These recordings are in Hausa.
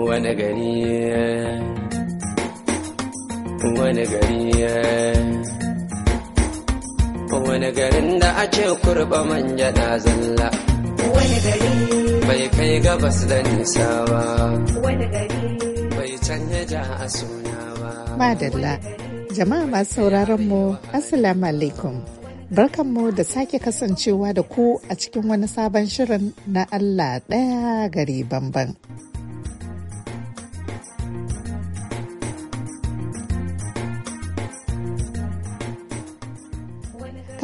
wani gari wani gari wani garin da a ce kurba manja na zalla wani gari bai kai gabas da nisa ba wani gari bai canja ja a suna ba madalla jama'a masu sauraron mu assalamu alaikum Barkanmu da sake kasancewa da ku a cikin wani sabon shirin na Allah ɗaya gari bamban.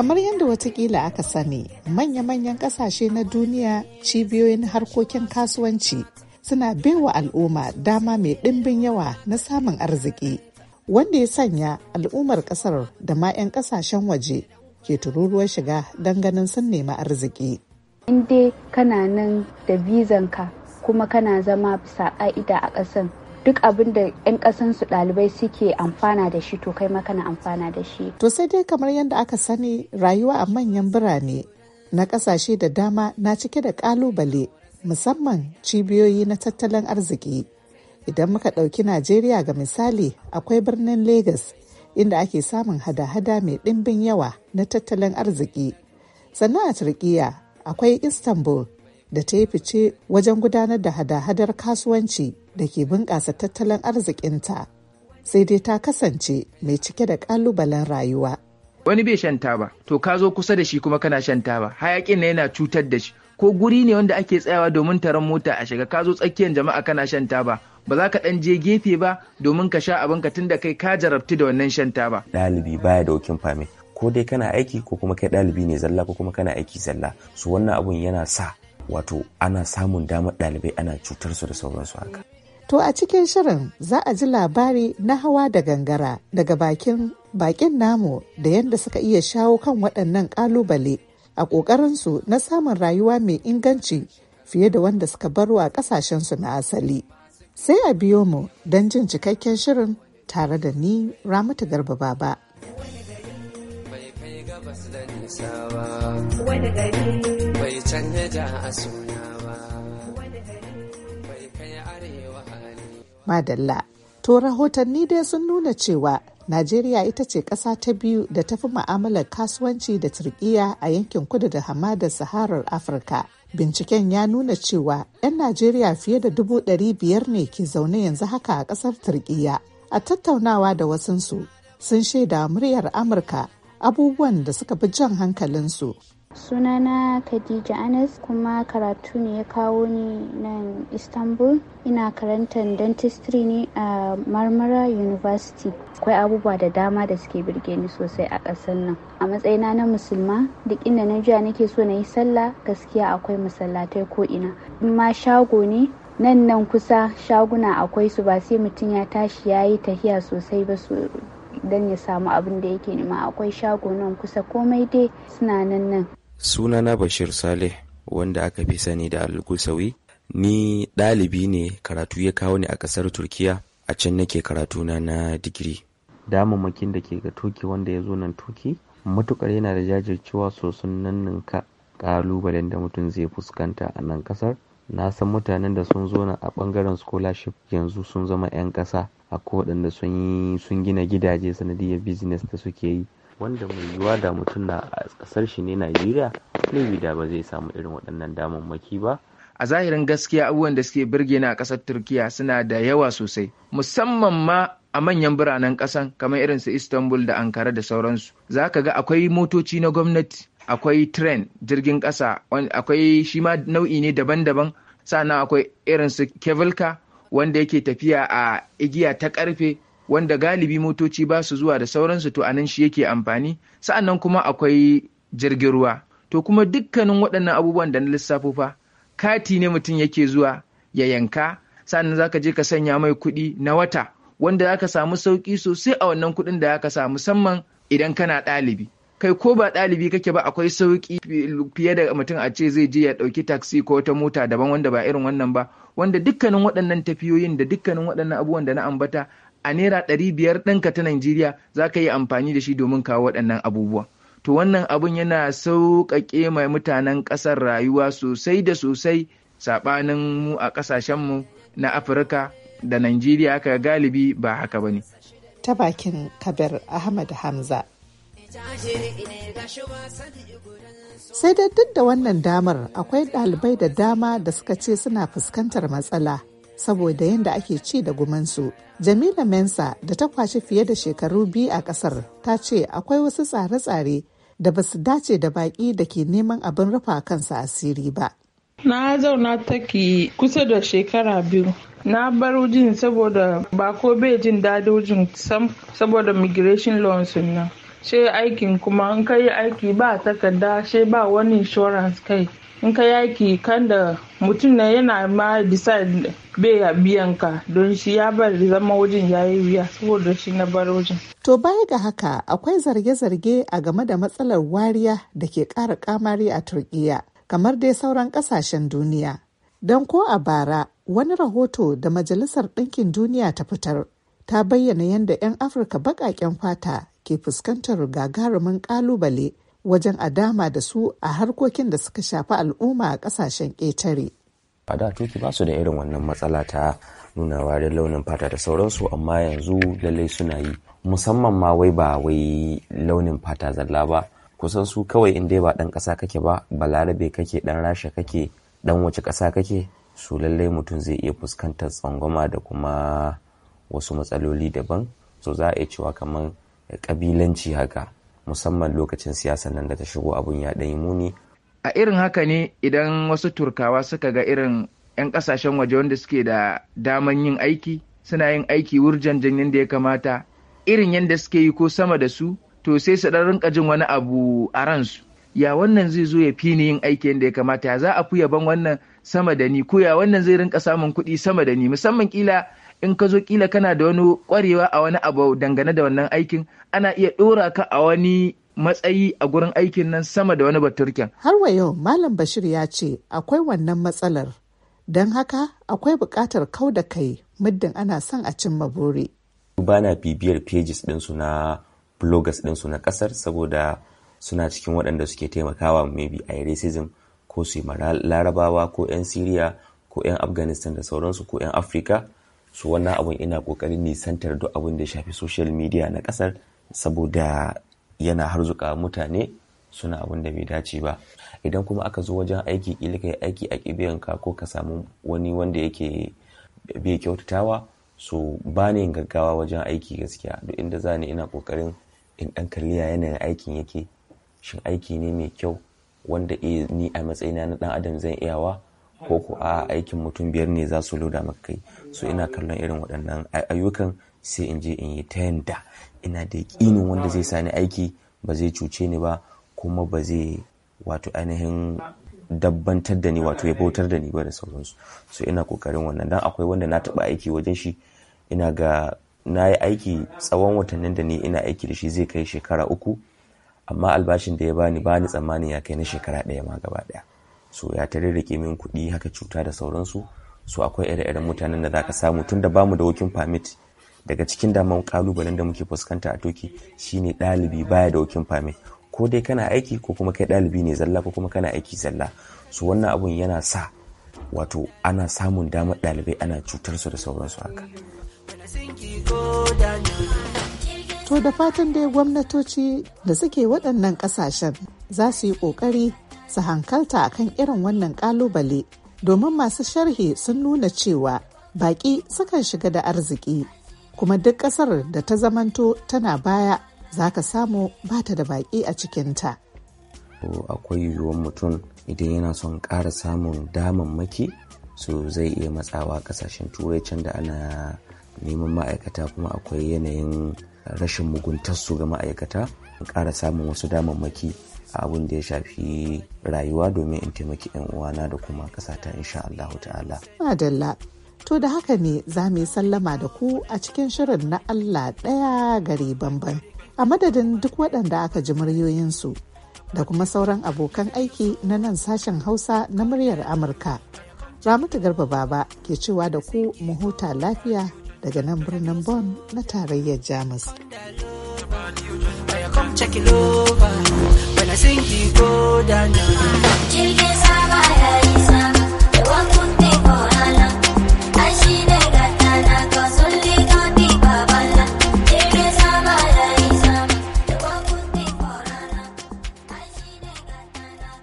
Kamar yadda watakila aka sani, manya-manyan kasashe na duniya cibiyoyin harkokin kasuwanci suna baiwa al'umma dama mai ɗimbin yawa na samun arziki, wanda ya sanya al'ummar ƙasar da ma 'yan ƙasashen waje ke tururuwar shiga don ganin sun nemi arziki. In dai kana nan da bizanka kuma kana zama bisa ƙa'ida a ƙasan duk abin da 'yan kasan su ɗalibai suke amfana da shi to kai ma kana amfana da shi. To sai dai kamar yadda aka sani rayuwa a manyan birane na ƙasashe da dama na cike da ƙalubale musamman cibiyoyi na tattalin arziki. Idan muka ɗauki Najeriya ga misali akwai birnin Legas inda ake samun hada-hada mai ɗimbin yawa na tattalin arziki. Sannan a Turkiya akwai Istanbul da ta yi fice wajen gudanar da hada-hadar kasuwanci da ke bunƙasa tattalin arzikinta sai dai ta kasance mai cike da ƙalubalen rayuwa. Wani bai shan taba, to ka zo kusa da shi kuma kana shan taba, hayaƙin na yana cutar da shi, ko guri ne wanda ake tsayawa domin taron mota a shiga, ka zo tsakiyar jama'a kana shan taba, ba za ka ɗan je gefe ba domin ka sha abin ka tun da kai ka jarabti da wannan shan taba. Ɗalibi baya da wakin fami, ko dai kana aiki ko kuma kai ɗalibi ne zalla ko kuma kana aiki zalla, su wannan abun yana sa wato ana samun damar ɗalibai ana cutar su da sauransu haka. To a cikin shirin za a ji labari na hawa da gangara daga bakin bakin namu da yadda suka iya shawo kan waɗannan ƙalubale a ƙoƙarinsu na samun rayuwa mai inganci fiye da wanda suka baro a ƙasashensu na asali. Sai a biyo mu don jin cikakken shirin tare da ni Ramatu Garba Baba. Wani gari bai canja a suna. Madalla. To rahotanni dai sun nuna cewa Najeriya ita ce ƙasa ta biyu da tafi ma'amalar kasuwanci da turkiya a yankin kudu da hamadar Saharar Afirka. Binciken ya nuna cewa 'yan Najeriya fiye da dubu ɗari biyar ne ke zaune yanzu haka a ƙasar turkiya A tattaunawa da wasansu, sun shaida muryar Amurka abubuwan da suka fi jan hankalinsu Sunana Khadija Anas kuma karatu ne ya kawo ni nan Istanbul. Ina karantar dentistry ne a Marmara University. Akwai abubuwa da dama da suke birge ni sosai a ƙasar nan. A matsayina na musulma, duk inda na jiya nake so na yi sallah gaskiya akwai masallatai ko ina. In ma shago ne nan nan kusa shaguna akwai su ba sai mutum ya tashi ya yi tahiya sosai ba su don ya samu abin da yake nema akwai shago nan kusa komai dai suna nan nan Sunana Bashir Saleh wanda aka fi sani da Alkusawi. Ni ɗalibi ne karatu ya kawo ni a ƙasar Turkiya a can nake karatuna na digiri. Damammakin da ke ga tuki wanda ya zo nan tuki matukar yana da jajircewa sosan nan ka ƙalubalen da mutum zai fuskanta a nan ƙasar. Na san mutanen da sun zo a ɓangaren scholarship yanzu sun zama 'yan ƙasa a waɗanda sun gina gidaje sanadiyar business da suke yi. wanda mai yiwuwa da mutum na a ƙasar shi ne najeriya maybe da ba zai samu irin waɗannan damammaki ba a zahirin gaskiya abubuwan da suke birge na a ƙasar turkiya suna da yawa sosai musamman ma a manyan biranen ƙasan kamar irin su istanbul da ankara da sauransu za ka ga akwai motoci na gwamnati akwai tren jirgin ƙasa akwai shi ma nau'i ne daban-daban sannan akwai irin su kevilka wanda yake tafiya a igiya ta ƙarfe wanda galibi motoci ba su zuwa da sauransu to anan shi yake amfani sa'annan kuma akwai jirgin ruwa to kuma dukkanin waɗannan abubuwan da na lissafo fa kati ne mutum yake zuwa ya yanka sa'annan zaka je ka sanya mai kuɗi na wata wanda zaka samu sauki sosai a wannan kuɗin da zaka samu musamman idan kana ɗalibi kai ko ba ɗalibi kake ba akwai sauki fiye da mutum a ce zai je ya ɗauki taksi ko wata mota daban wanda ba irin wannan ba wanda dukkanin waɗannan tafiyoyin da dukkanin waɗannan abubuwan da na ambata a naira ɗari biyar ɗinka ta Najeriya za ka yi amfani da shi domin kawo waɗannan abubuwa. To wannan abun yana sauƙaƙe mai mutanen ƙasar rayuwa sosai da sosai saɓanin mu a ƙasashenmu na Afirka da Najeriya ka galibi ba haka ba ne. Ta bakin Kabir Ahmad Hamza. Sai dai duk da wannan damar akwai ɗalibai da dama da suka ce suna fuskantar matsala saboda yadda ake ci da gumansu. Jamila Mensa da ta kwashi fiye da shekaru biyu a kasar ta ce akwai wasu tsare-tsare da ba su dace da baƙi da ke neman abin rufa kansa asiri ba. Na zauna taki kusa da shekara biyu. Na bar wujin saboda ba ko bai jin dadojin sam saboda migration loans nan. Sai aikin kuma an kai aiki ba takarda sai ba wani insurance kai. in ka yaki kan da mutum na yana ma decide bai ya biyan ka don shi ya bar zama wajen ya yi wuya saboda shi na bar wajen. To baya ga haka akwai zarge-zarge a game da matsalar wariya da ke ƙara kamari a Turkiyya kamar dai sauran ƙasashen duniya. Don ko a bara wani rahoto da Majalisar Ɗinkin Duniya ta fitar ta bayyana yadda 'yan Afirka baƙaƙen fata ke fuskantar gagarumin ƙalubale wajen a dama da su a harkokin da suka shafi al'umma a kasashen ƙetare. a da turki ba su da irin wannan matsala ta nuna wariyar launin fata da sauransu amma yanzu lallai suna yi musamman ma wai ba wai launin fata zalla ba kusan su kawai in dai ba ɗan ƙasa kake ba balarabe kake ɗan rasha kake ɗan wace ƙasa kake su lallai mutum zai iya fuskantar tsangwama da kuma wasu matsaloli daban so za a iya cewa kamar ƙabilanci haka musamman lokacin siyasar nan da ta shigo abun ya ɗanyi muni a irin haka ne idan wasu turkawa suka ga irin 'yan ƙasashen waje wanda suke da daman yin aiki suna yin aiki jan-jan da ya kamata irin yadda suke yi ko sama da su to sai su ɗan rinƙa jin wani abu a ransu ya wannan zai zo ya fi ni yin aiki yadda ya kamata ya za a fi yaban wannan sama da ni ko ya wannan zai rinka samun kuɗi sama da ni musamman kila in ka zo kila kana da wani kwarewa a wani abu dangane da wannan aikin ana iya ɗora ka a wani matsayi a gurin aikin nan sama da wani baturken. Har wa yau Malam Bashir ya ce akwai wannan matsalar don haka akwai bukatar kau da kai muddin ana son a cimma buri. Ba na bibiyar pages ɗinsu na bloggers ɗinsu na ƙasar saboda suna cikin waɗanda suke taimakawa maybe a racism ko su yi larabawa ko 'yan syria ko 'yan Afghanistan da sauransu ko 'yan Afirka. su wannan abun ina kokarin nisantar duk abin da shafi social media na kasar saboda yana harzuka mutane suna abun da bai dace ba idan kuma aka zo wajen aiki kila kai aiki a kibiyan ko ka samu wani wanda yake bai kyautatawa so ba ne gaggawa wajen aiki gaskiya duk inda za ni ina kokarin in dan kalliya yanayin aikin yake shin aiki ne mai kyau wanda eh, ni a matsayina na dan adam zan iyawa ko ko a aikin mutum biyar ne za su loda maka kai so ina kallon irin waɗannan ayyukan sai in je in yi ta yanda ina da yakinin wanda zai sani aiki ba zai cuce ni ba kuma ba zai wato ainihin dabbantar da ni wato ya bautar da ni ba da sauransu so ina kokarin wannan dan akwai wanda na taɓa aiki wajen shi ina ga na yi aiki tsawon watannin da ni ina aiki da shi zai kai shekara uku amma albashin da ya bani bani tsammanin ya kai na shekara ɗaya ma gaba ɗaya so ya ta rirrike min kuɗi haka cuta da sauransu su akwai ire-iren mutanen da za ka samu tun da bamu da wakin permit daga cikin damar kalubalen da muke fuskanta a toki shine ɗalibi baya da wakin permit ko dai kana aiki ko kuma kai ɗalibi ne zalla ko kuma kana aiki zalla so wannan abun yana sa wato ana samun damar ɗalibai ana cutar su da sauransu haka to da fatan dai gwamnatoci da suke waɗannan ƙasashen za su yi ƙoƙari su hankalta akan irin wannan kalubale domin masu sharhi sun nuna cewa baƙi sukan shiga da arziki kuma duk ƙasar da ta zamanto tana baya za ka samu ba ta da baƙi a cikinta. akwai yiwuwan mutum idan yana son ƙara samun damammaki su zai iya matsawa ƙasashen turai can da ana neman ma'aikata kuma akwai yanayin rashin muguntarsu ga ma'aikata ƙara samun wasu damammaki a abin da ya shafi rayuwa domin in taimaki 'yan uwana da kuma ƙasata insha Allahu ta'ala. Madalla To da haka ne za mu yi sallama da ku a cikin shirin na Allah ɗaya gari banban A madadin duk waɗanda aka ji muryoyinsu da kuma sauran abokan aiki na nan sashen Hausa na muryar Amurka. Ramatu Garba Baba ke cewa da ku mu huta lafiya daga nan birnin Bon na tarayyar Jamus. check it over. When I sing, you